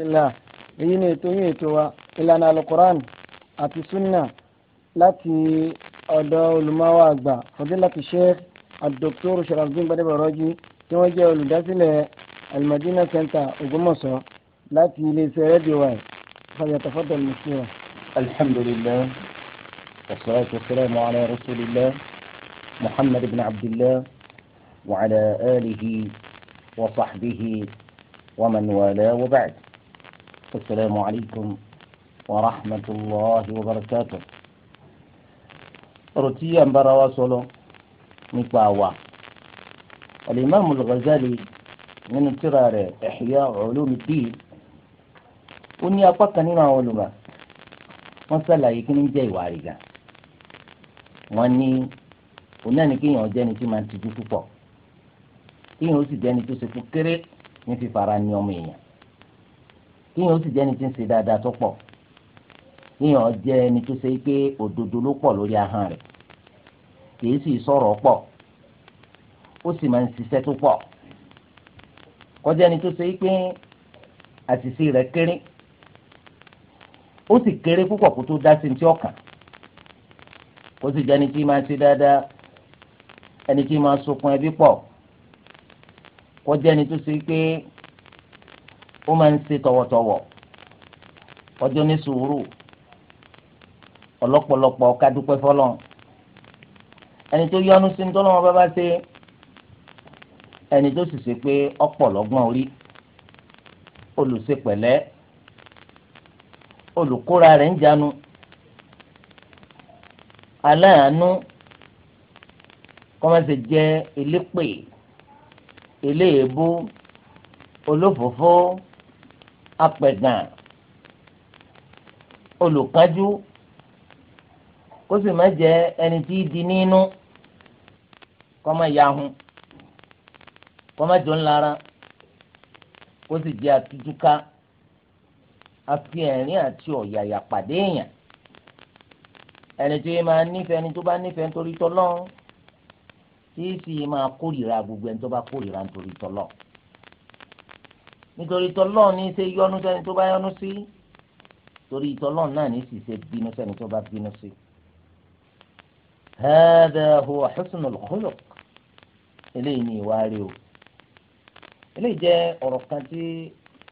alhamdulillah èyí ni ètò yín ètò wa ìlànà alukoran àti sunna láti ọ̀dọ̀ olùmọ̀wá àgbà fadilati sheikh al-doctor sharafdin badebaraji tí wọ́n jẹ́ olùdásílẹ̀ almadina center Ògbómọ̀ṣọ́ láti iléeṣẹ́ rédíò wa falyatafaddal mashkura. alhamdulillah wasalaatu wasalaamu ala rasulillah muhammad ibn abdillah wa ala alihi wa sahbihi wa man wala wa ba'd. السلام عليكم ورحمة الله وبركاته رتيا برا سولو نكباوا الإمام الغزالي من ترار إحياء علوم الدين وني أبقى نما علوما وصلى يكن جاي وارجا وني وناني كي jẹ́ni tí máa ń tijú púpọ̀ kéèyàn ó sì jẹ́ni tó ṣe fún yíyan ó sì jẹ́ ẹni tí ń ṣe dáadáa tó pọ̀ yíyan jẹ́ ẹni tó ṣe pé òdodo ló pọ̀ lórí ahọ́n rẹ̀ kìí sì sọ̀rọ̀ pọ̀ ó sì máa ń ṣiṣẹ́ tó pọ̀ kọjá ẹni tó ṣe pé àṣìṣe rẹ̀ kéré ó sì kéré púpọ̀ kó tó dá sí ti ọkàn kó sì jẹ́ ẹni tí máa ṣe dáadáa ẹni tí máa sokun ẹbí pọ̀ kọjá ẹni tó ṣe pé ó máa ń ṣe tọwọ́tọwọ́ ọjọ́ ní sùúrù ọlọ́pọ̀lọpọ̀ kádúpẹ́ fọlọ́n ẹni tó yọnu sí ní tọ́lọ́mọ bá bá ṣe ẹni tó sì ṣe pé ọ̀pọ̀ orí olùṣepẹ̀lẹ́ olùkóra rẹ̀ ń jánu aláàánú kọ́mẹ́sì jẹ́ elépè eléèbú olófòófó apẹ̀gàn olùkánjú kó sì má jẹ́ ẹni tí í di nínú kó má yahun kó má jọ ńlára kó sì jẹ́ atújúká afi ẹ̀rín àti ọ̀yàyà pàdé èèyàn ẹni tó yẹ máa nífẹ̀ẹ́ ẹni tó bá nífẹ̀ẹ́ nítorí tọ́lọ́ tí sì máa kórìíra gbogbo ẹni tó bá kórìíra nítorí tọ́lọ́ nítorí tọ́lọ́ọ̀ ní í ṣe yọnu sẹ́ni tó bá yọnu sí torí tọ́lọ́ọ̀ náà ní í sì ṣe bínú sẹ́ni tó bá bínú sí. hādhā huwa ḥusnul khuluq eléyìí ni ìwà rẹ̀ o eléyìí jẹ́ ọ̀rọ̀ kan tí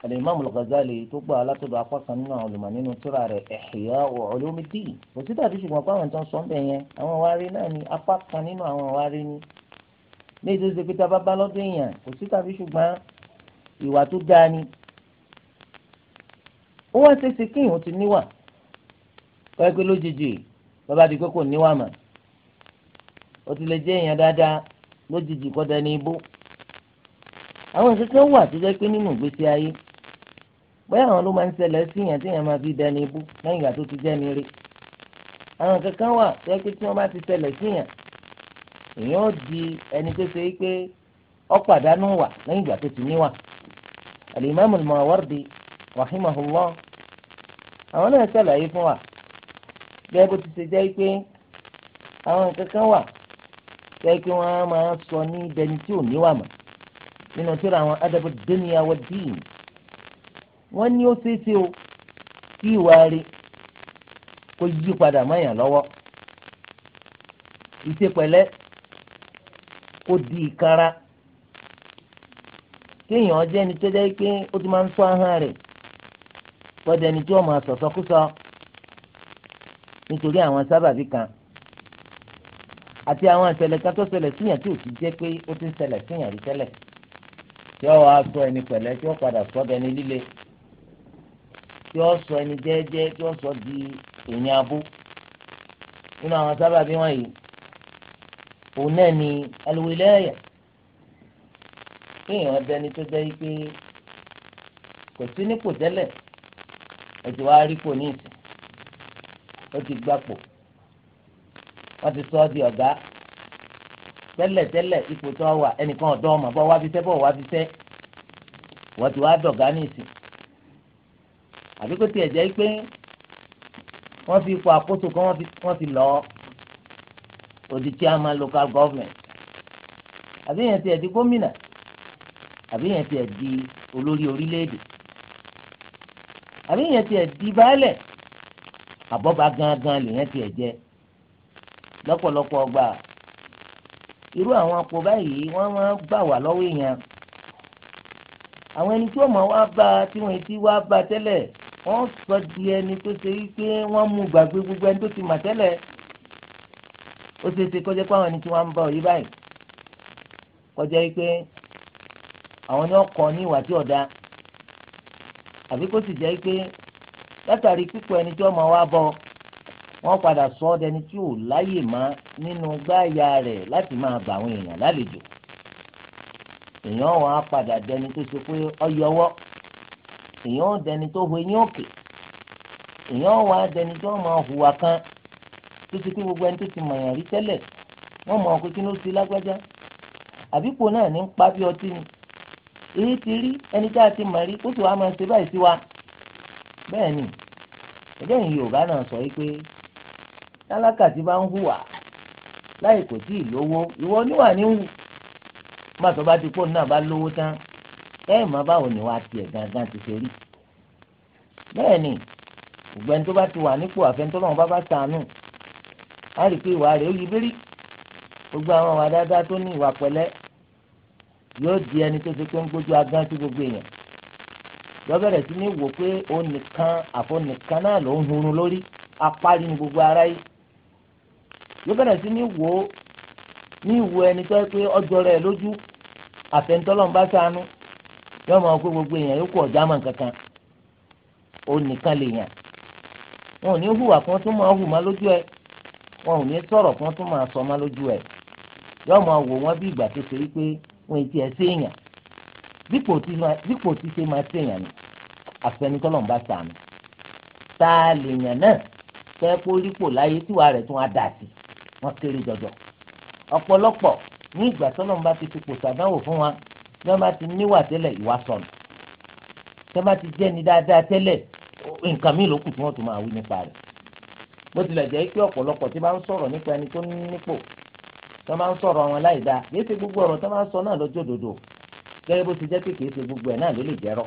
al-Imam al-Ghazali tó gbà látọ̀dọ̀ apákan nínú àwọn olùmọ̀ nínú tírà rẹ̀ Ihyā' ulūmiddīn kò sí dàbí ṣùgbọ́n pé àwọn tó ń sọ yẹn àwọn wárí náà ni apákan nínú àwọn wárí ni ní ìdíje pété abábá lọ́dún èèyàn kò sí tàbí ṣùgbọ́n ìwà tó dáa ni ó wá ṣe é ṣe kí ìhun ti níwà kọ́ẹ́ pé lójijì bàbá di níwà mà ó ti lè jẹ́ èèyàn dáadáa lójijì kọ́ dání ibú àwọn ìṣẹ́ṣẹ́ wà tó jẹ́ pé nínú ìgbésí ayé bóyá àwọn ló máa ń ṣẹlẹ̀ sí fi dání ibú lẹ́yìn ìgbà tó ti jẹ́ àwọn kankan wà tó jẹ́ pé tí wọ́n bá ti ṣẹlẹ̀ sí èèyàn èèyàn ó di ẹni tó ṣe alimami mawardi rahimahullah àwọn náà ṣàlàyé fún wa gẹ́gẹ́ bó ti ṣe jẹ́ pé àwọn nǹkan kan wà jẹ́ pé wọ́n á máa sọ ní dẹni tí ò níwà mọ̀ nínú tí ra àwọn adabu dunya wa din wọ́n ní ó ṣeéṣe o kí ìwà rẹ̀ kó yí padà mọ́yàn lọ́wọ́ ìṣepẹ̀lẹ́ kó di ìkara kéèyàn jẹ́ ẹni tó jẹ́ pé ó ti máa ń sọ ahọ́n rẹ̀ wọ́n dẹni tí wọ́n máa sọ̀sọ́kúsọ nítorí àwọn sábàbí kan àti àwọn ìṣẹ̀lẹ̀ kan tó ṣẹlẹ̀ síyàn tí ò sì jẹ́ pé ó ti ń ṣẹlẹ̀ síyàn rí tẹ́lẹ̀ tí ó wàá sọ ẹni pẹ̀lẹ́ tí ó padà sọ ẹni líle tí ó sọ ẹni jẹ́ẹ́jẹ́ tí ó sọ di èèyàn abú nínú àwọn sábàbí wọ̀nyí òun náà ni alùwìlẹ́yà kéèyàn adẹni tó jẹ́ pé kò sí nípò tẹ́lẹ̀ ẹ̀jẹ̀ wa rí pò ní ìsìn ó ti gbapò wọ́n ti sọ ọ́ di ọ̀gá tẹ́lẹ̀tẹ́lẹ̀ ipò tó wà ẹnìkan ọ̀dọ́ ọmọ bọ́ wá fi sẹ́ bọ́ wá fi sẹ́ wọ́n ti wá dọ̀gá ní ìsìn àbí kó tiẹ̀ jẹ́ pé wọ́n fi ipò àkóso kan wọ́n ti lọ́ọ́ odi chairman local government àbí yẹn tiẹ̀ di gómìnà àbí yẹn tiẹ̀ di olórí orílẹ̀-èdè àbí yẹn tiẹ̀ di baálẹ̀ àbọ̀bá gangan lèyẹn tiẹ̀ jẹ lọ́pọ̀lọpọ̀ ọgbà irú àwọn apò báyìí wọ́n máa gbà wá lọ́wọ́ èèyàn àwọn ẹni tí wọ́n máa wá bá tí wọ́n ti wá bá tẹ́lẹ̀ wọ́n sọ di ẹni tó ṣe wípé wọ́n mú gbàgbé gbogbo ẹni tó ti mà tẹ́lẹ̀ ó ṣe é ṣe kọjá pé àwọn ẹni tí wọ́n ń bá òye báyìí kọjá wípé àwọn ni wọ́n kọ́ ní ìwà tí ọ̀dà àbí kó sì jẹ́ pé látàrí pípọ̀ ẹni tí ọmọ wa bọ̀ wọ́n padà sọ ọ́ dẹni tí ò láyè má nínú gbáàyà rẹ̀ láti máa bà àwọn èèyàn lálejò èèyàn wọn á padà dẹni tó ṣe pé ọyọwọ́ èèyàn dẹni tó hu eyín òkè èèyàn wọn á dẹni tó máa hùwà kan tó ṣe pé gbogbo ẹni tó ti mọ̀yàn rí tẹ́lẹ̀ wọ́n mọ̀ ọ́ pé kí ló ṣe lágbájá àbíkò náà ní ń pa bí ọtí ni èyí ti rí ẹni tí a ti mọ̀ rí kó sì wá máa ṣe báyìí sí wa bẹ́ẹ̀ ni ẹgbẹ́ yìí yorùbá náà sọ yìí pé tálákà tí bá ń hùwà láì kò tí ì lówó ìwọ oníwà ní hù má tó bá ti pò náà bá lówó tán ẹ má báwo ni wà á tiẹ̀ gangan ti ṣe rí bẹ́ẹ̀ ni ìgbẹ́ni tó bá ti wà nípò àfẹnutọ́lọ́wọ́n bá bá sànù á rí i pé ìwà rẹ̀ ó yí bírí gbogbo àwọn ìwà tó ní ìwà pẹ̀lẹ́ yóò di ẹni tó ṣe pé ń gbójú agán sí gbogbo èèyàn yóò bẹ̀rẹ̀ sí ní wò pé òun nìkan àfọ nìkan náà ló ń hunrun lórí apárí ní gbogbo ara yìí yóò bẹ̀rẹ̀ sí ní wò ó ní ìwò ẹni tó pé ọjọ́ rẹ̀ lójú àfẹnutọ́lọ́mbá sànú yóò máa pé gbogbo èèyàn yóò kó ọ̀já mọ̀ kankan òun nìkan lè yàn wọn ò ní hùwà kí tún máa hù má lójú ẹ̀ wọn ò ní sọ̀rọ̀ kí tún máa sọ má lójú ẹ̀ yóò máa wò wọ́n bí ìgbà tó ṣe wípé wọn ètí ẹ̀ séèyàn dípò tí ṣe máa séèyàn ni àfẹnitọ́lọ̀ ń bá sàmì tá a lè yàn náà fẹ́ kó rípò láyé tíwá rẹ̀ tún á dà sí wọn kéré jọjọ ọ̀pọ̀lọpọ̀ ní ìgbà tọ́lọ̀ ń bá ti fipò sàdánwò fún wa bí wọ́n bá ti níwà tẹ́lẹ̀ ìwà sọnù tí wọ́n bá ti jẹ́ni dáadáa tẹ́lẹ̀ nǹkan mi ló tí wọ́n tún máa wí nípa rẹ̀ bó tilẹ̀ jẹ́ pé ọ̀pọ̀lọpọ̀ tó máa ń sọ̀rọ̀ wọn láì dáa kìí ṣe gbogbo ọ̀rọ̀ tó máa ń sọ náà lọ́jọ́ òdodo gẹ́gẹ́ bó ti jẹ́ pé kìí ṣe gbogbo ẹ̀ náà ló lè jẹ́rọ.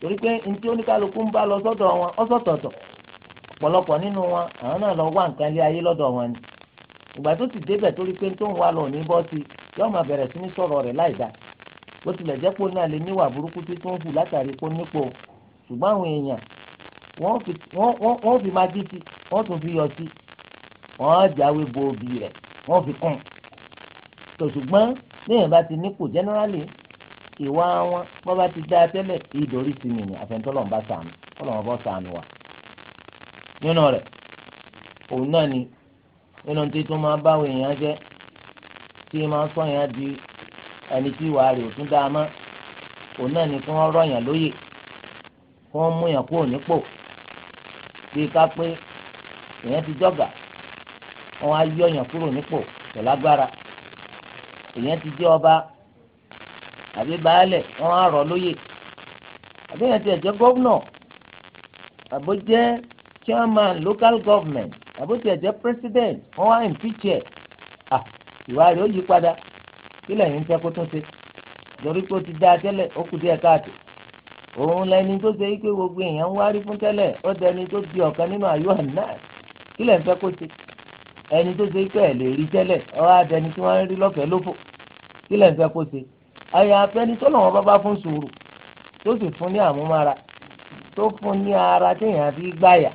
torí pé ní tí oníkálukú ń bá lọ sọ́dọ̀ wọn ọ́sọ̀tọ̀ọ̀tọ̀ ọ̀pọ̀lọpọ̀ nínú wọn àwọn náà lọ wá nǹkan lé ayé lọ́dọ̀ wọn ni. ìgbà tó ti débẹ̀ torí pé tó ń wá lọ ní bọ́ọ̀sì yóò máa bẹ̀rẹ̀ sí ní sọ̀rọ̀ rẹ̀ láì dáa wọ́n fi kún tòṣùgbọ́n lẹ́yìn bá ti nípò generally ìwà wọn wọ́n bá ti dá tẹ́lẹ̀ ìdórí sí mi ní àfẹnutọ́lọ́n bá sànù ọlọ́wọ́n bá sànù wa nínú rẹ̀ òun náà ni nínú tí tó máa báwo èèyàn jẹ́ tí máa sọ èèyàn di ẹni tí ìwà rẹ̀ ò tún dáa mọ́ òun náà ni kí wọ́n rọ̀yàn lóyè kí wọ́n mú yàn kúrò nípò bí ká pé èèyàn ti jọ̀gà wọn á yọ ọyàn kúrò nípò tó lágbára èèyàn ti jẹ́ ọba àbí baálẹ̀ wọn á rọ̀ lóyè àbí èèyàn ti jẹ́ gọ́vnọ̀ àbó jẹ́ chairman local government àbó ti jẹ́ president wọn á impeach ẹ̀ à ìwà rẹ̀ ó yí padà kí lẹ́yìn ń fẹ́ kó tún ṣe lórí pé ó ti dáa tẹ́lẹ̀ ó kù díẹ̀ káàtó òun lẹni tó ṣe wípé gbogbo èèyàn ń wárí fún tẹ́lẹ̀ ó dẹni tó di ọ̀kan nínú àyù àná kí lẹ́yìn fẹ́ kó ṣe ẹni tó ṣe pé ẹ lè rí tẹ́lẹ̀ ọ̀rọ̀ àtẹni tí wọ́n rí lọ́fẹ̀ẹ́ lófò kí lẹ̀ ń fẹ́ kó ṣe àyà afẹ́ni tọ́lọ̀ wọn bá bá fún sùúrù tó sì fún ní àmúmára tó fún ní ara téèyàn fi gbáyà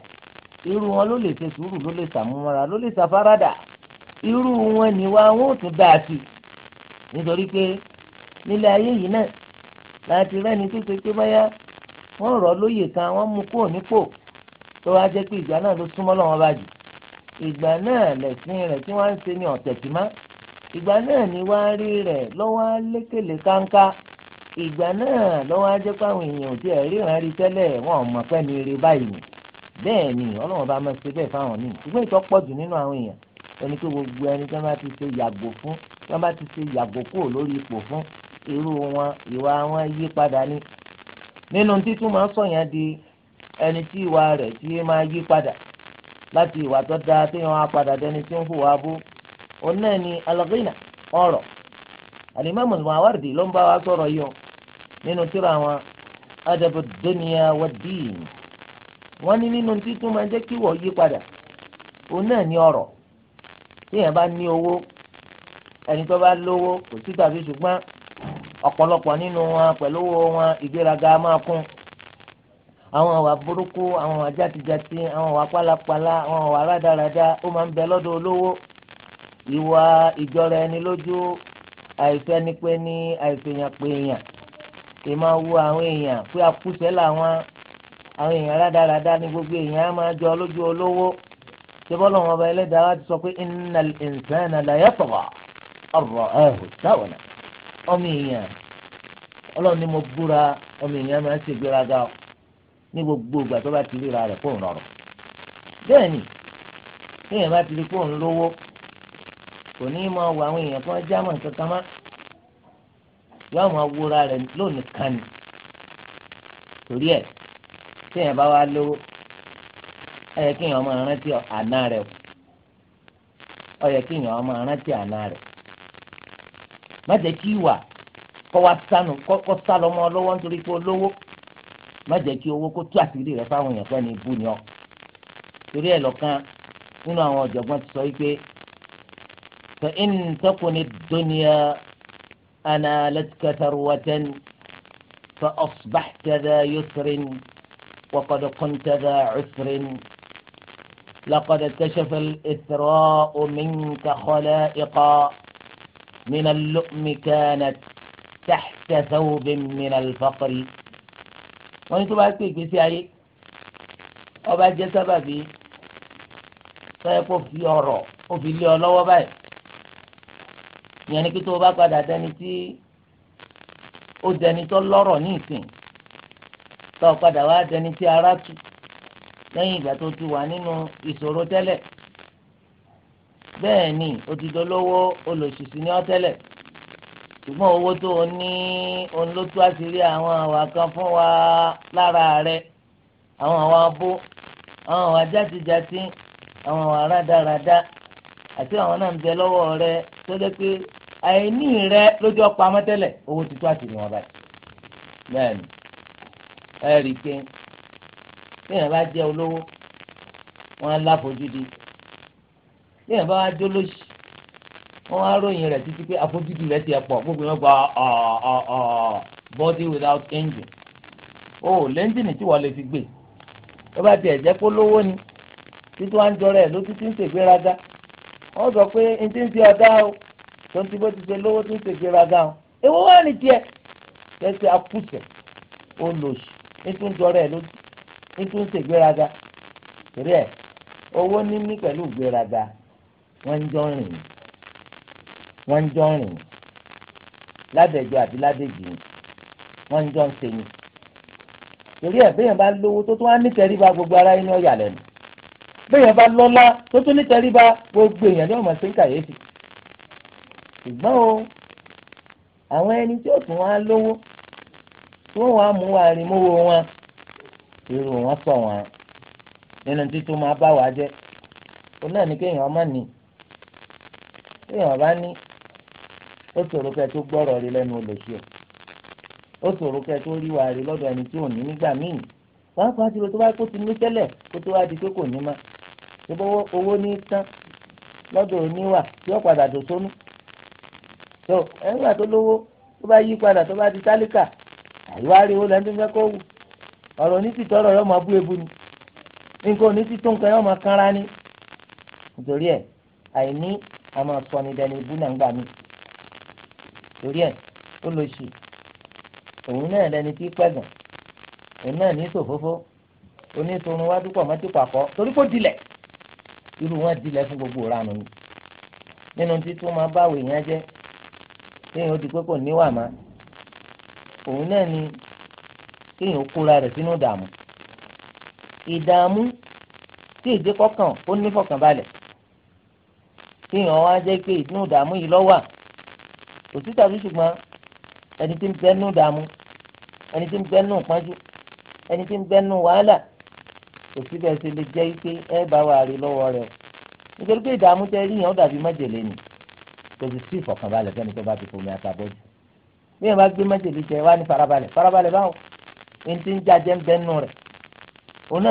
irú wọn ló lè ṣe sùúrù ló lè ṣàmúmára ló lè ṣàfaradà irú wọn ni wa wọn ò tún dáa sí nítorí pé nílé ayé yìí náà láti rẹ́ni tó ṣe pé báyà wọ́n rọ̀ lóye kan wọ́n mú kúrò nípò tó wá jẹ́ pé ìgbà náà ló súnmọ́ lọ́wọ́ bá ìgbà náà lẹ̀sìn rẹ̀ tí wọ́n ń ṣe ní ọ̀tẹ̀ tí má ìgbà náà ni wàá rí rẹ̀ lọ́wọ́ lékèlè káńká ìgbà náà lọ́wọ́ ajẹ́ páwọn èèyàn tí ẹ̀ ríran rí tẹ́lẹ̀ wọn ò mọ̀ pẹ́ ní eré báyìí bẹ́ẹ̀ ni ọlọ́run bá máa ṣe bẹ́ẹ̀ fáwọn míì ṣùgbọ́n ìtọ́ pọ̀ jù nínú àwọn èèyàn ẹni pé gbogbo ẹni tí wọ́n bá ti ṣe yàgò fún tí wọ́n bá ti ṣe yàgò kúrò lórí ipò fún irú wọn ìwà wọn yí padà ní. nínú títún máa ń sọ̀yàn di ẹni tí ìwà rẹ̀ tí máa yí padà láti ìwà tó dáa tí wọn á padà dẹni tí ń hùwà bú òun náà ni Alagina ghina ọ̀rọ̀ al-imam al-Mawardi ló ń bá wa sọ̀rọ̀ yìí o nínú tírà wọn adab dunia dunya wad-din wọn ní nínú títún máa jẹ́ kí wọ́n yí padà òun náà ni ọ̀rọ̀ tí yẹn bá ní owó ẹni tó bá lówó kò sí tàbí ṣùgbọ́n ọ̀pọ̀lọpọ̀ nínú wọn pẹ̀lú owó wọn ìgbéraga máa kún àwọn àwà burúkú àwọn àwà játijàti àwọn àwà pálapàla àwọn àwà rádaràda ó máa ń bẹ lọ́dọ̀ olówó ìwà ìjọra ẹni lójú àìfẹnipẹni àìfẹyànpẹyàn ìmọ̀ wo àwọn èèyàn pé akúṣẹ́ làwọn àwọn èèyàn rádaràda ni gbogbo èèyàn á máa jọ lójú olówó sebọ́lọ̀ wọn ọba ẹlẹ́dàá wa ti sọ pé innal insana la yatgha ọ̀rọ̀ ẹ̀hùn sáwọn ọmọ èèyàn ọlọ́run ni mo búra ọmọ èèyàn máa ń ṣègbéraga o ní gbogbo ìgbà tó bá ti ríra rẹ̀ kó ń rọrùn ni téèyàn bá ti rí kó ń lówó kò ní máa wọ àwọn èèyàn kan jámọ̀ kankan má yóò máa wúra rẹ̀ lónìí kan ni torí ẹ̀ téèyàn bá wá lówó ó yẹ kéèyàn máa rántí àná rẹ̀ ó yẹ kéèyàn máa rántí àná rẹ̀ má jẹ́ kí ìwà kọ́ wá sánú kọ́ sálọ mọ́ nítorí pé olówó. má jẹ́ kí owó kó tú àṣírí rẹ fáwọn èèyàn pẹ́ ní ibú ni ọ torí ẹ̀ lọ́kàn nínú àwọn ọ̀jọ̀gbọ́n ti sọ wípé fa in takuni dunya analatka tharwatan fa asbahta dha yusrin wa qad kunta dha usrin laqad kashafa al-ithra'u minka khala'iqa min al-lu'mi kanat tahta thawbin min al-faqri. wọ́n ní tó bá pé ìgbésí ayé ọba jẹ́ sábàbí sọ́yẹ́ kó fi ọ̀rọ̀ ó fi lé ọ lọ́wọ́ báyìí ìyẹn ni pé tó o bá padà dẹni tí ó dẹni tó lọ́rọ̀ ní ìsìn tó o padà wá dẹni tí ara tù lẹ́yìn ìgbà tó ti wà nínú ìṣòro tẹ́lẹ̀ bẹ́ẹ̀ ni ó ti dolówó olòṣìṣì tẹ́lẹ̀ ṣùgbọ́n owó tó o ní òun ló tú àṣírí àwọn àwa kan fún wa lára rẹ àwọn àwa abó àwọn àwa játijàti àwọn àwa rádaràda àti àwọn náà ń bẹ lọ́wọ́ rẹ tó jẹ́ pé àìní rẹ lójú ọ̀pọ̀ amọ́tẹ́lẹ̀ owó ti tú àṣírí wọn báyìí bẹ́ẹ̀ ni ẹ rí i pé téèyàn bá jẹ́ olówó wọn á láfojúdi téèyàn bá wá jólóṣì wọn wá ròyìn rẹ títí pé àfojúdi rẹ̀ ti e pọ̀ gbogbo yẹn gba ah, ah, ah, body without engine o lẹ́ńjìnì tí wọ́n lè fi gbé tó bá tiẹ̀ jẹ́ polowo lówó ni títí wọ́n á ń jọrọ ẹ̀ ló títí ń ṣègbéraga wọ́n sọ pé n ti ń ṣe ọ̀dá o tó ń ti ti ṣe lówó o ewu wà ní tiẹ̀ tẹ́sí apùsẹ̀ olóṣù n ń jọrọ ẹ̀ ló ṣègbéraga rẹ̀ owó wọ́n ń jọ rìn ládẹ́jọ́ àti ládẹ́jì ni wọ́n ń jọ ń ṣe ni torí ẹ̀ bẹ́ẹ̀ bá lówó tó tún wá nítẹríba gbogbo ara yín ní ọ̀yà lẹ́nu bẹ́ẹ̀ bá lọ́lá tó tún nítẹríba gbogbo èèyàn ní ọmọ sí ń kàyéfì ṣùgbọ́n o àwọn ẹni tí ó tún wá lówó tí wọ́n wá mú wa rìn mówó wọn irú wọn sọ wọn nínú títún máa bá wa jẹ́ ó náà ní kéèyàn ọmọ ní kéèyàn bá ní ó ṣòro kẹ́ tó gbọ́rọ̀ rí lẹ́nu olòṣì ẹ̀ ó ṣòro kẹ́ tó rí wàá rí lọ́dọ̀ ẹni tí ò ní nígbà míì wàá pa tìrò tó bá kó ti ní tẹ́lẹ̀ kó tó wá di pé kò ní ma ṣùgbọ́n owó ní tán lọ́dọ̀ oníwà tí ó padà sónú tó tó lówó tó bá yí padà tó bá di tálíkà tọrọ yọ ebu àìní torí ẹ̀ ó lọ sí òun náà lẹni tí pẹ̀gàn òun náà ní sòfófó onítorun wájú pọ̀ mọ́tì pàkọ́ torí kó dilẹ̀ irú wọn dilẹ̀ fún gbogbo ìranù ni nínú títún máa báwo èèyàn jẹ́ kéèyàn ó di pé kò níwà má òun náà ni kéèyàn ó kóra rẹ̀ sínú ìdààmú ìdààmú tí èdè kọkàn ó ní kéèyàn wá jẹ́ pé ìdínú ìdààmú yìí lọ́wọ́ òtí tàbí ṣùgbọ́n ẹni tí ń bẹ nù dààmú ẹni tí ń bẹ nù pọ́njú ẹni tí ń bẹ nù wàhálà òtí bẹ́ẹ̀ ṣe lè jẹ́ pé ẹ bá wà rí lọ́wọ́ rẹ̀ o nítorí pé ìdààmú tẹ rí yẹn ó dàbí májèlé ni kò sì sí ìfọ̀kànbalẹ̀ fẹ́ni tó bá ti fomi àtàbọ̀jù bí yẹn bá gbé májèlé jẹ wá ní farabalẹ̀ farabalẹ̀ báwo ẹni tí ń jajẹ́ ń bẹ rẹ̀ òun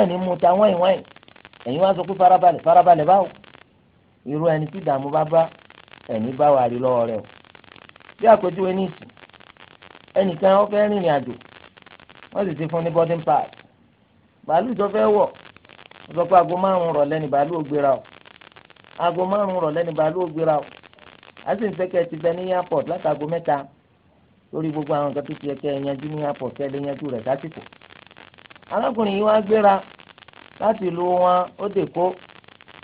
náà ní mu bí àpèjúwe ní ìsìn ẹnìkan ó fẹ́ rìnrìn àjò wọ́n sì ti fún ní boarding pass bàálù tó fẹ́ wọ̀ ó sọ pé aago márùn-ún rọ̀lẹ́ ni bàálù ó gbéra o aago márùn-ún rọ̀lẹ́ ni bàálù ó gbéra o a sì ń fẹ́ kẹ́ ẹ ti bẹ ní airport látago mẹ́ta lórí gbogbo àwọn nǹkan tó ti yẹ kẹ́ ẹ yanjú ní airport kẹ́ ẹ lè yanjú rẹ̀ sásìkò arákùnrin yìí wá gbéra láti ìlú wọn ó dè kó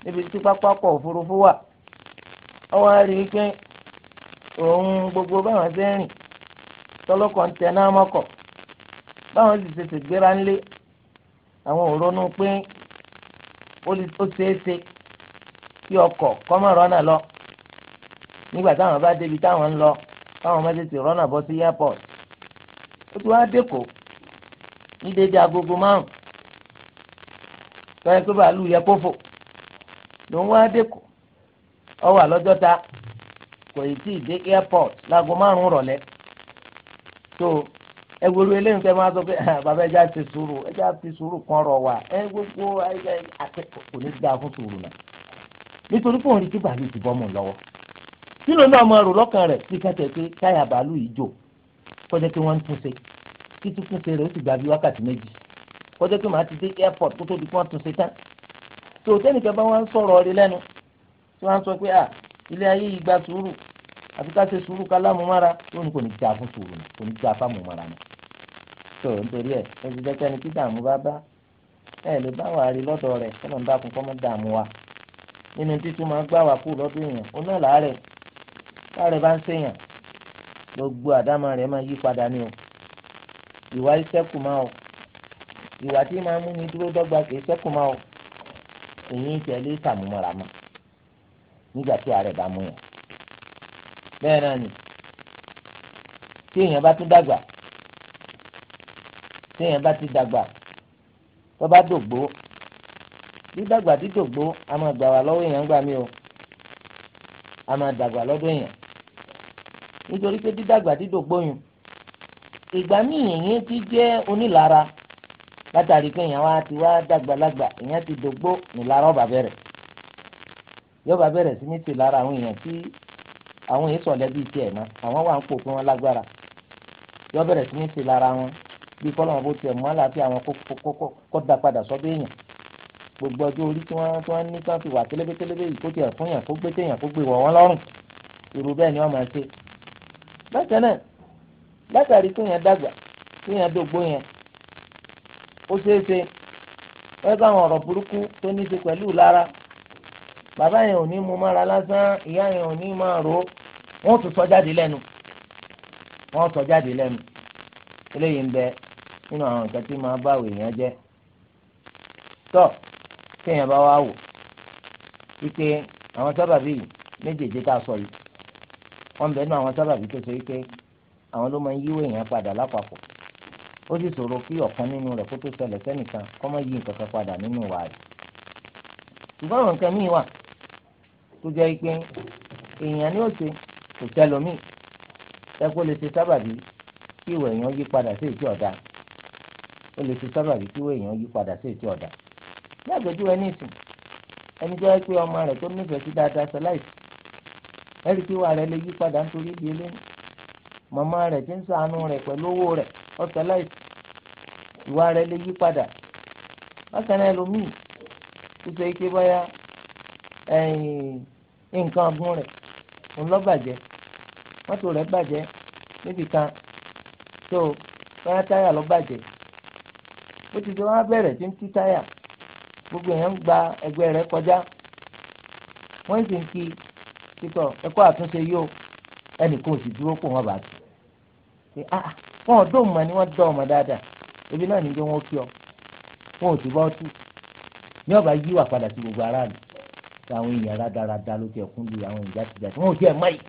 níbi tí pápákọ̀ òfurufú wà ọwọ́ rí i pé òun gbogbo báwọn ṣe ń rìn tọlọ́kọ̀ ń tẹná mọ́kọ̀ báwọn sì ṣe ṣègbéra ńlé àwọn ò ronú pé ó ṣeé kí lọ nígbà táwọn bá débi táwọn ń lọ táwọn má tètè rọ́nà bọ́ sí airport ó ti wá ní dédé agogo márùn pé bàálù yẹ wá ọ wà lọ́jọ́ ta. kò yìí tí ì dé airport láago márùn rọ̀lẹ́ tó ẹ gbogbo eléyìí fẹ́ máa sọ pé ah, bàbá ẹja ti sùúrù ẹja ti sùúrù kan rọ̀ wá ẹ gbogbo ẹja akẹ́kọ̀ọ́ kò ní dáa fún sùúrù náà nítorí pé òun rí kí bàálù ti bọ́ mọ̀ lọ́wọ́ kí ló náà máa rò lọ́kàn rẹ̀ bí kẹ́tẹ̀ pé táyà bàálù yìí jò kọjá pé wọ́n ń túnṣe kí túnṣe rẹ̀ ó sì gbà bí wákàtí méjì kọjá pé màá ti dé airport kó tó di pé wọ́n túnṣe tán tó tẹ́nìkan bá wọn sọ̀rọ̀ rí lẹ́nu tí ilé ayé yìí gba sùúrù àti ká ṣe sùúrù ká lámúmára yóò ní kò ní dáa fún sùúrù ni kò ní dáa fámúmára ni. tó nítorí ẹ ẹ ti dẹ́kẹ́ni tí dààmú bá bá ẹ lè bá wàá rí lọ́dọ̀ rẹ̀ kọ́nà ń dákun kọ́mọ́ dààmú wa nínú títún máa gbá wa kú lọ́dún èèyàn ó náà láàárẹ̀ láàárẹ̀ bá ń ṣèyàn gbogbo àdámà rẹ̀ máa yí padà ní o ìwà ìṣẹ́kù máa o ìwà tí máa mú ni dúró dọ́gba kì í ṣẹ́kù máa o èyí ń tẹ̀lé ìtààmú máa nígbà tí ààrẹ bá mú yàn bẹ́ẹ̀ náà ni tí èèyàn bá tún dàgbà tí èèyàn bá ti dàgbà tó bá dògbó dídàgbà dídògbó a máa gbà wá lọ́wọ́ èèyàn gbà mí o a máa dàgbà lọ́dọ̀ èèyàn nítorí pé dídàgbà dídògbó yùn ìgbà míì èèyàn ti jẹ́ onílara látàrí pé èèyàn wá ti wá dàgbàlagbà èèyàn ti dògbó nílara ọ̀bà bẹ̀rẹ̀ yọba bẹ̀rẹ̀ sí ní tè lára àwọn èèyàn tí àwọn èèyàn sọ̀lẹ́ bíi tiẹ̀ náà àwọn wà ń pò fún wọn lágbára yọ bẹ̀rẹ̀ sí ní tè lára wọn bí kọ́lọ́mọ bó tiẹ̀ mú àlàáfíà àwọn kó da padà sọ́dọ̀ èèyàn gbogbo ọjọ́ orí tí wọ́n tí wọ́n ní tí wọ́n fi wà télébétélébé yìí kó tiẹ̀ fún yàn kó gbé téèyàn kó gbé wọ̀ wọ́n lọ́rùn irú bẹ́ẹ̀ ni wọ́n máa ṣe. bákan náà látàrí kéèyàn dàgbà kéèyàn dógbó yẹn ó ṣeé ṣe wọ́n bá àwọn ọ̀rọ̀ burúkú tó ní í ṣe pẹ̀lú lára baba yẹn ò ní mu mára lásán ìyá yẹn ò ní máa ro wọ́n tún sọ jáde lẹ́nu wọ́n sọ jáde lẹ́nu eléyìí ń bẹ nínú àwọn nǹkan tí máa bá èèyàn jẹ tọ́ téèyàn bá wá wò wípé àwọn sábàbí yìí méjèèjì tá a sọ yìí wọ́n bẹ nínú àwọn sábàbí tó sọ wípé àwọn ló máa ń yíwò èèyàn padà lápapọ̀ ó sì ṣòro kí ọ̀kan nínú rẹ̀ kó tó ṣẹlẹ̀ sẹ́nìkan yí nǹkan kan wa tó jẹ́ pé èèyàn ni ó ṣe kò tẹlómi ẹ̀kọ́ lè ṣe sábàbí kí ìwẹ̀ èèyàn yí padà sí ètí ọ̀dà ó lè ṣe sábàbí kí ìwẹ̀ èèyàn yí padà sí ètí ọ̀dà ní àgbẹ̀dúwẹ̀ ní ìsìn ẹni jẹ́ pé ọmọ rẹ̀ tó nífẹ̀ẹ́ sí dáadáa sọláìsì ẹ̀rí kí wà rẹ̀ lè yí padà nítorí ìdí ilé màmá rẹ̀ ti ń sàánú rẹ̀ pẹ̀lú owó rẹ̀ ọ̀sọláìsì ìwà rẹ̀ lè yí padà bákan náà ẹlòmíì tó ṣe é báyà nǹkan ọgbọ́n rẹ̀ òun lọ bàjẹ́ mọ́tò rẹ̀ bàjẹ́ níbi kan tó báyà táyà lọ bàjẹ́ ó ti di wọn bẹ̀rẹ̀ tí ń tú táyà gbogbo èèyàn ń gba ẹgbẹ́ rẹ̀ kọjá wọ́n sì ń kí títọ̀ ẹ̀kọ́ àtúnṣe yóò ẹnì kò sì dúró kó wọn bá tù pé ah wọn ò dóun mọ ni wọ́n dọ́ ọmọ dáadáa ebi náà níjẹ́ wọn ó kí ọ wọn ò sì bọ́ tú ní ọba yíwà padà sí gbogbo aráàlú àti àwọn èèyàn rádaràda ló tiẹ̀ kún lu àwọn ìjà tìjà tí wọn ò tiẹ̀ mọ̀ yìí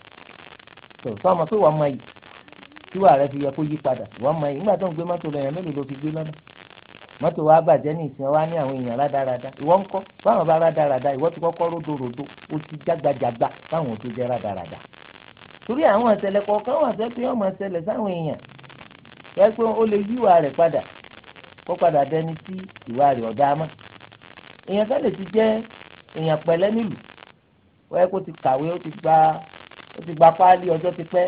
tó sọmọ pé wọn mọ̀ yìí tíwà rẹ fi yẹ kó yí padà wọn mọ̀ yìí nígbà tó ń gbé mọ́tò lọ yẹn mélòó ló fi gbé lọ́nà mọ́tò wa bàjẹ́ ní ìsìn wa ní àwọn èèyàn rádaràda ìwọ ń kọ́ báwọn bá rádaràda ìwọ ti kọ́kọ́ ródòròdò ó ti jágbajàgba báwọn ò tó jẹ́ rádaràda torí àwọn ìṣẹ̀lẹ̀ kọ̀ọ̀kan wà fẹ́ pé ọmọ ìṣẹ̀lẹ̀ sáwọn èèyàn fẹ́ pé ó lè yí ìwà rẹ̀ padà kó padà dẹni sí ìwà rẹ̀ ọ̀dá mọ́ èèyàn fẹ́ lè ti jẹ́ èèyàn pẹ̀lẹ́ nílùú wọ́n yẹ kó ti kàwé ó ti gba ó ti gba páálí ọjọ́ ti pẹ́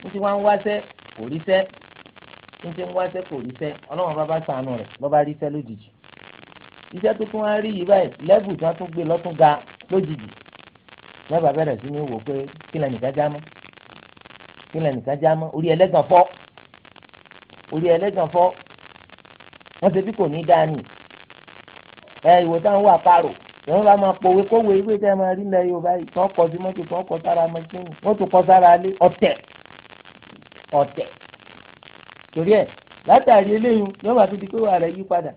ní ti wá ń wáṣẹ́ kò ríṣẹ́ ní ti ń wáṣẹ́ kò ríṣẹ́ ọlọ́run bá bá sànù rẹ̀ lọ́ bá ríṣẹ́ lójijì iṣẹ́ tó tún wá rí yìí báyìí lẹ́bù tí wọ́n tún gbé lọ́tún ga lójijì lọ́ba bẹ̀rẹ̀ sí ní wò pé kílẹ̀ nìkan já mọ́ kílẹ̀ nìkan já mọ́ orí ẹlẹ́gàn fọ́ orí ẹlẹ́gàn fọ́ wọ́n ti bí kò ní dáa ẹ ìwò wà pààrọ̀ wọ́n bá máa pòwe kówé ìwé tẹ́ máa rí lẹ́yìn yorùbá yìí tó kọ sí mọ́tò tó kọ sára mọ́tìnì mọ́tò kọ sára alé ọ̀tẹ̀ ọ̀tẹ̀ torí ẹ̀ látàrí eléyìí yọba tó di pé wà rẹ̀ yí padà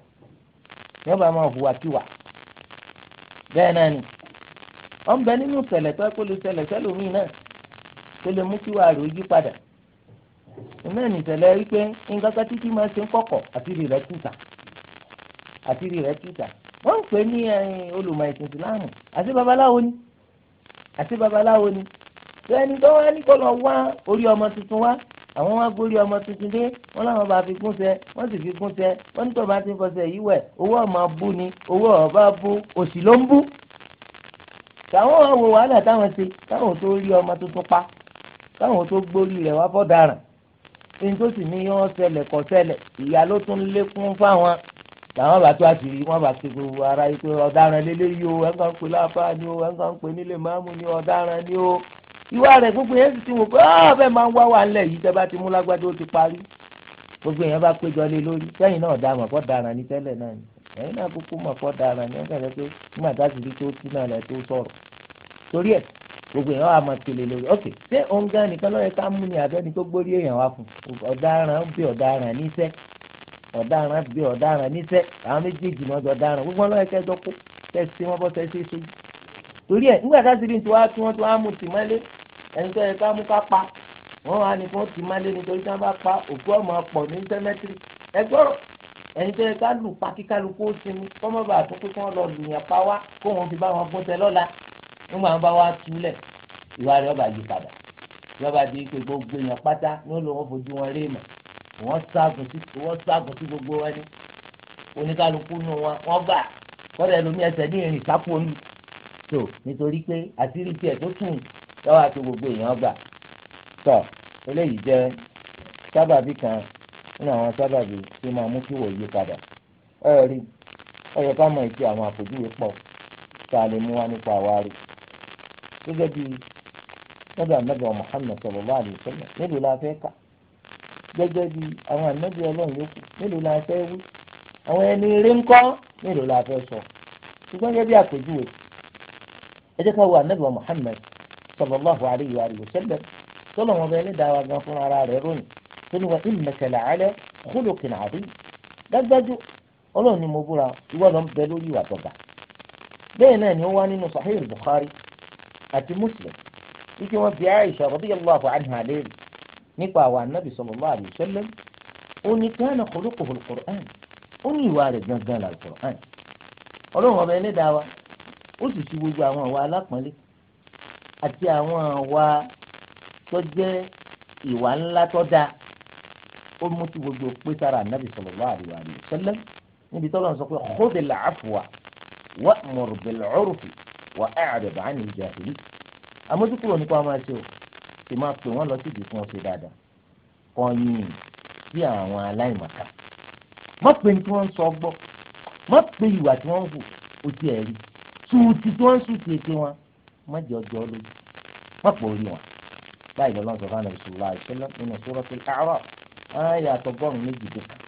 yọba máa hùwà kíwà bẹ́ẹ̀ náà ni wọ́n ń bẹ nínú ṣẹlẹ̀ tó kó lè ṣẹlẹ̀ sẹ́lòmíì náà tó lè mú kíwà rẹ̀ yí padà náà ní ṣẹlẹ̀ wípé nǹkan kan títí máa ṣe ń kọ̀kọ̀ àtìrì rẹ̀ kùtà àtìrì rẹ̀ kùtà wọ́n ń pè ní olùmọ̀ ẹ̀sìn ìsìláàmù àti babaláwo ni àti babaláwo ni ẹni tó wá ní kó lọ wá orí ọmọ tuntun wá àwọn wá gbórí ọmọ tuntun dé wọ́n làwọn bá fi gún sẹ wọ́n sì fi gún sẹ wọ́n ní tó bá ti fọṣẹ yìí wẹ owó ọmọ bú ni owó ọba bú òsì ló ń bú tàwọn wá wo wàhálà táwọn ṣe táwọn tó rí ọmọ tuntun pa táwọn tó gbórí rẹ̀ wá fọdàràn ẹni tó sì ní yọ ọ ṣẹlẹ̀ kọ ṣẹlẹ̀ ìyá ló tún lékún fáwọn làwọn bá tó àṣírí wọn bá ṣe gbogbo ara yìí pé ọ̀daràn lélẹ́yìí o ẹ̀ ń kàn pé láfa ni o ẹ̀ ń kàn pé nílé máàmù ni ọ̀daràn ni o ìwà rẹ̀ gbogbo yẹn sì ti wò pé ọ́ ah, bẹ́ẹ̀ máa ń wá wà ńlẹ̀ yìí tẹ́ bá ti mú lágbájá ó ti parí gbogbo yẹn bá péjọ lé lórí sẹ́yìn náà dá mọ̀kọ́ dára ní tẹ́lẹ̀ náà ni ẹ̀yìn náà kúkú mọ̀kọ́ dára ní ọ̀sẹ̀ rẹ pé nígbà a sì rí tó tú náà rẹ̀ tó sọ̀rọ̀ torí ẹ̀ gbogbo yẹn wà máa tẹ̀lé lórí ok ṣé òun gan nìkan lọ́yẹ ká mú ni àbẹ́ni tó gbórí èèyàn wá fún ọ̀daràn ń bí ọ̀daràn níṣẹ́ ọ̀daràn bí ọ̀daràn níṣẹ́ àwọn méjèèjì náà jọ daràn gbogbo ọlọ́yẹ kẹjọ kó tẹ̀sí wọn bọ́ tẹ̀sí sójú. torí ẹ̀ nígbà tá a ti rí tiwa tí wọ́n ti wá mú tìmọ́lé ẹni tó yẹ ká mú ká pa wọ́n wá ní fún tìmọ́lé nítorí tí wọ́n bá pa òkú ọmọ pọ̀ ní sẹ́mẹ́tìrì ẹgbọ́rọ̀ ẹni tó yẹ ká lù pa kíkálukú ó sinmi kọ́mọ́ bá tó pé kí wọ́n lọ lùyàn pa wá kó wọn fi bá wọn gún tẹ lọ́la nígbà wọn bá wá túlẹ̀ ìwà rẹ̀ ọba yí padà ìjọba di pé gbogbo èèyàn pátá ní ó lọ wọn fojú wọn rí ìmọ̀ wọ́n ságun sí wọ́n ságun sí gbogbo wọn ni oníkálukú nù wọn wọ́n gbà kọ́dà ẹlòmíì ẹsẹ̀ ní ìrìn sápò nù tó nítorí pé àṣírí tiẹ̀ tó tún lọ́wọ́ àti gbogbo èèyàn gbà tó eléyìí jẹ́ sábàbí kan nínú àwọn sábàbí tí máa mú kí wòye padà ẹ rí ọyọ ká mọ ìṣe àwọn àpèjúwe pọ̀ tá a lè mú wá nípa àwárí gẹ́gẹ́ bíi lọ́dọ̀ àmẹ́gbẹ̀ọ́ Muhammad sallallahu alaihi wasallam nílùú la fẹ́ kà gẹ́gẹ́ bí àwọn ànábì ọlọ́run yòókù mélòó la fẹ́ wí àwọn ẹni eré ńkọ́ mélòó la fẹ́ sọ ṣùgbọ́n gẹ́gẹ́ bí àpèjúwe ẹ jẹ́ ká wo ànábì wa Muhammad sallallahu alayhi wa sallam sọlọ wọn bẹ ẹlẹ́dàá wa gan fúnra rẹ̀ ròyìn tó ní wa innaka la'ala khuluqin azim dájúdájú ọlọ́run ni mo búra ìwọ ló ń bẹ lórí ìwà tọ̀gà bẹ́ẹ̀ náà ni ó wá nínú Sahih Bukhari àti Muslim wípé wọ́n fi Aisha nípa àwọn anábì sallallahu alaihi wasallam ó ní kana khuluquhu al-Qur'an ó ní ìwà rẹ̀ gangan la al-Qur'an ọlọ́run ọba ẹlẹ́dàá wa ó sì fi gbogbo àwọn àwa alápọ̀nlé àti àwọn àwa tó jẹ́ ìwà ńlá tó dáa ó mú tí gbogbo pé sára anábì sallallahu alaihi wasallam níbi tọ́lọ́ sọ pé khudhil afwa wa'mur bil 'urfi wa a'rid 'anil jahilin àmójúkúrò nípa ọmọ ẹṣẹ́ o sì máa pè wọ́n lọ síbi fún ọ̀sẹ̀ dáadáa kọyìn sí àwọn aláìmọ̀ká má pe ní tí wọ́n ń sọ gbọ́ má pe ìwà tí wọ́n ń hù ó ti ẹ̀ rí tuuti tí wọ́n ń sùn tètè wọn má jẹ́ ọjọ́ lójú má pọ̀ orí wọn báyìí lọ́lọ́run sọ fún àwọn ìṣòro àìsílẹ̀ nínú Suratul A'raf ayé àtọgọ́rùn-ún méjì dé kan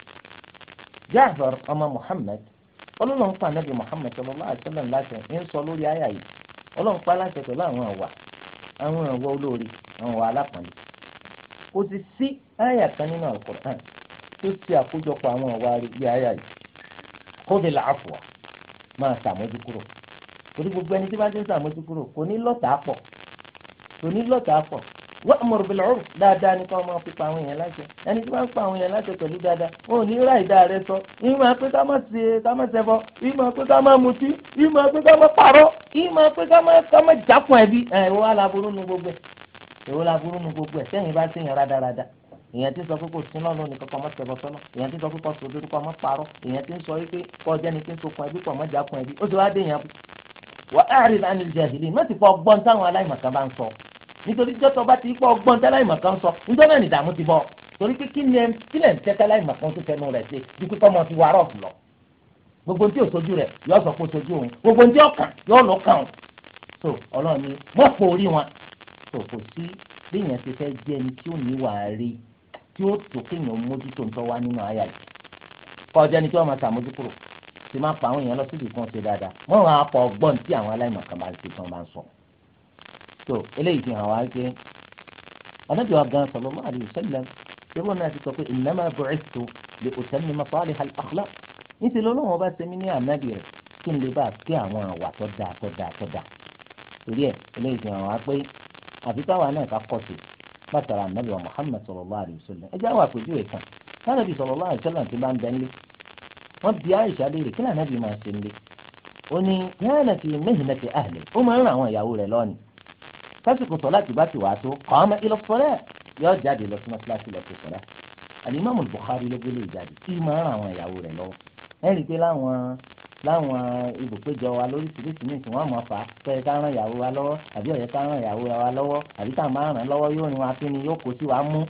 Ja'far ọmọ Muhammad ọlọ́run pa anábì Muhammad sallallahu alaihi wasallam láṣẹ ń sọ lórí ayé yìí ọlọ́run pa láṣẹ pẹ̀lú àwọn àwà àwọn àwà olóore àwọn wà alápọ̀nlé kò sì sí àyà kan nínú Al-Qur'an tó ti àkójọpọ̀ àwọn ọ̀wá rí bí àyà yìí kó fi làáfù wa máa ṣàmójú kúrò torí gbogbo ẹni tí bá ti ń ṣàmójú kúrò kò ní lọ́tàá pọ̀ kò ní lọ́tàá pọ̀ wa'mur bil 'urf dáadáa ní ká máa fi pa àwọn èèyàn láṣẹ ẹni tí wọ́n ń pa àwọn èèyàn láṣẹ pẹ̀lú dáadáa wọn ò ní ra ìdá rẹ sọ ìyí pé ká má ṣe ká má ṣẹbọ ìyí pé ká má mutí ìyí pé ká má parọ́ ìyí pé ká má ká má jákun ẹbí ẹ̀ wọ́n á laburú nu gbogbo ẹ̀ èwo la burú nu gbogbo ẹ̀ sẹ́yìn bá rada. rádaràda èèyàn ti sọ pé kò sí lọ́nà nìkan kọ́ mọ́tẹ́bọ̀ sọ́nà èèyàn ti sọ pé kọ́ sòdodo kọ́ mọ́ parọ́ èèyàn ti sọ wípé kọ́ jẹ́ni tí ń sokun ẹbí pọ̀ mọ́jà kun ẹbí ó ti wá dé èèyàn kú. wà á rí lánàá ìjà ìdílé mọ́tì pọ̀ ọgbọ́n táwọn aláìmọ̀kan bá ń sọ nítorí jọ́tọ̀ bá ti pọ̀ ọgbọ́n táwọn aláìmọ̀kan sọ nítorí náà nìdààmú ti bọ̀ torí pé kí ni ẹ̀ ń tẹ́tẹ́ aláìmọ̀kan tó fẹnu rẹ̀ ṣe bí pípọ́ mọ́ ti wàárọ̀ lọ gbogbo tí òṣojú rẹ̀ yọ sọ so ọlọ́run ni mọ́ fòórí wọn tó kò sí béèyàn ṣe fẹ́ jẹ́ ẹni tí ó níwà rí tí ó tó kéèyàn mójútó nǹkan wá nínú àyà yìí kọjá ni tí wọ́n máa ṣàmójúkúrò ṣe máa pa àwọn èèyàn lọ síbi kan ṣe dáadáa wọ́n máa pọ̀ ọgbọ́n tí àwọn aláìmọ̀ kan bá ń ṣe tán bá ń sọ. tó eléyìí fi hàn wá pé ọlọ́dún wa gan sọ̀rọ̀ máa rí ìṣẹ̀lẹ̀ ìrọ̀ náà ti sọ pé innama bu'ithtu li utammima salihal akhlaq níṣẹ́ lọ́lọ́wọ́n bá ṣe mí ní ànábì rẹ̀ kí n lè bá a pé àwọn àwà tó dáa tó dáa tó dáa torí ẹ̀ eléyìí fi hàn wá pé àfi táwa náà ká kọ́ sí látara ànábì wa Muhammad sallallahu alaihi wasallam ẹ jẹ́ àwọn àpèjúwe kan tánàbì sallallahu alaihi wasallam ti máa ń bẹ́ńlé wọ́n bi Àìṣà léèrè kí lànàbì máa ṣe ńlé ó ní yáàna ti mihnati ahli ó máa ń ràn àwọn ìyàwó rẹ̀ lọ́ni sásìkò sọ láti bá ti wàá tó qama ila salat yóò jáde lọ sí mọ́tíláṣí lọ sí sọ̀rọ̀ àní Imam Bukhari ló gbélé ìjáde e kí máa ń ràn àwọn ìyàwó rẹ̀ lọ́wọ́ ẹ̀ rí i pé láwọn láwọn ibùpéjọ wa lóríṣiríṣi ní ìsìn wọn mọ̀ fà á kẹ́ ká ràn ìyàwó wa lọ́wọ́ àbí ọ̀yẹ́ ká ràn ìyàwó wa lọ́wọ́ àbí tá a máa ràn lọ́wọ́ yóò rìn wá fún ni yóò kó sí wa mú.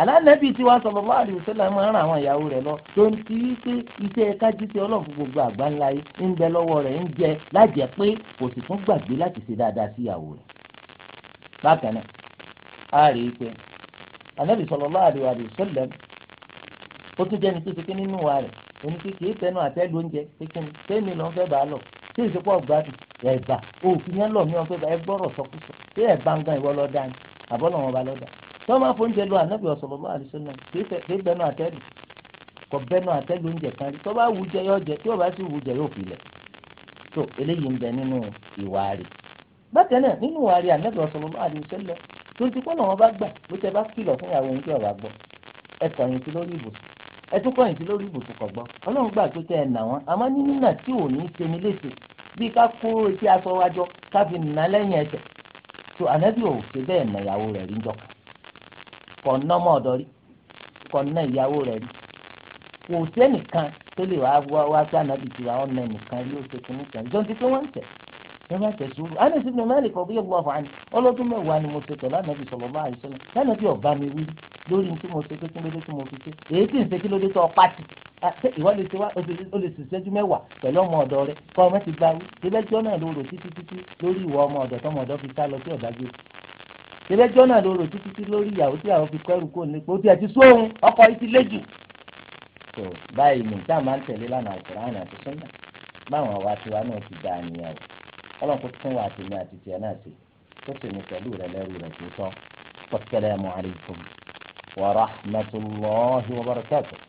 alánàbì tí wàá sọ̀rọ̀ bá àdìrò sẹ́lá máa ń ràn àwọn ìyàwó rẹ̀ lọ tó ń ti pé iṣẹ́ kájí ti ọlọ́run fún gbogbo àgbáńlá yìí ń bẹ lọ́wọ́ rẹ̀ ń jẹ lájẹ pé kò sì tún gbàgbé láti ṣe dáadáa sí ìyàwó rẹ̀. bákan náà a rí i òun kì í fẹnu àtẹ́lu oúnjẹ kíkún tẹ́mi lọ́n fẹ́ bá a lọ tí ìsopọ̀ gbádùn ẹ̀bà òfin yẹn lọ̀ mí wọn fẹ́ bá ẹ gbọ́rọ̀ sọkúsọ tí ẹ̀bà ń gan ìwọ lọ dání àbọ̀lọ̀ wọn bá lọ dá tó máa fóúnjẹ lọ ànábì sallallahu alaihi wasallam kì í fẹnu àtẹ́lu kọ bẹnu àtẹ́lu oúnjẹ kan rí tó bá wù jẹ yóò jẹ tí ò bá sì wù jẹ yóò fi lẹ̀ tó eléyìí ń bẹ nínú ìwà rẹ̀ nínú ìwà rẹ̀ ànábì sallallahu alaihi tó ti kọ́ lọ́wọ́ bá gbà bó tẹ bá kìlọ̀ fún ìyàwó oúnjẹ ọ̀wà gbọ́ ẹ kọ̀yìn sí lórí ibùsùn ẹ tún kọ́ ìdí lórí ibùsùn kọ̀ gbọ́ ọlọ́run gbà pé kẹ́ ẹ nà wọ́n àmọ́ ní nínà tí ò ní ṣe ní léṣe bí ká kó etí aṣọ wájọ ká fi nà lẹ́yìn ẹsẹ̀ tó ànábì ò ṣe bẹ́ẹ̀ nà ìyàwó rẹ̀ rí njọ́ kọ̀ ná mọ́ ọ̀dọ́ rí kọ̀ ná ìyàwó rẹ̀ rí kò sẹ́nìkan tó lè wá wá sí ànábì tí wàá ọ̀nà nìkan yóò ṣe kìnnìkan jọ́ntì pé wọ́n ń tẹ̀ ẹ má tẹ̀ sùúrù Anas ibn Malik radiyallahu anhu ọlọ́dún mẹ́wàá ni mo ṣe pẹ̀lú ànábì sallallahu alaihi wasallam lánàbì ọ̀bá mi wí lórí tí mo ṣe kékeré lóde tí mo fi ṣe èyí tí ń ṣe kí lóde tó pàtì ìwọ lè ṣe wá o lè sì ṣẹ́jú mẹ́wàá pẹ̀lú ọmọ ọ̀dọ́ rẹ kọ́ ọmọ ti gba wí ṣẹlẹ́jọ́ náà ló rò títí títí lórí ìwọ ọmọ ọ̀dọ́ tọmọ ọ̀dọ́ fi sá lọ sí ọ̀dájú ṣẹlẹ́jọ́ náà ló rò títí títí lórí ìyàwó tí àwọn fi kọ́ ẹrù kò ní pé ó ti sóhun ọkọ̀ yìí ti léjù. tó báyìí nìta máa ń tẹ̀lé lánàá àkùrá ọlọ́run kò tún wà tèmi àti tiẹ̀ náà sí tó sì ní pẹ̀lú rẹ lẹ́rú rẹ tó sọ. Wassalamu alaikum wa rahmatullahi wa barakatuh.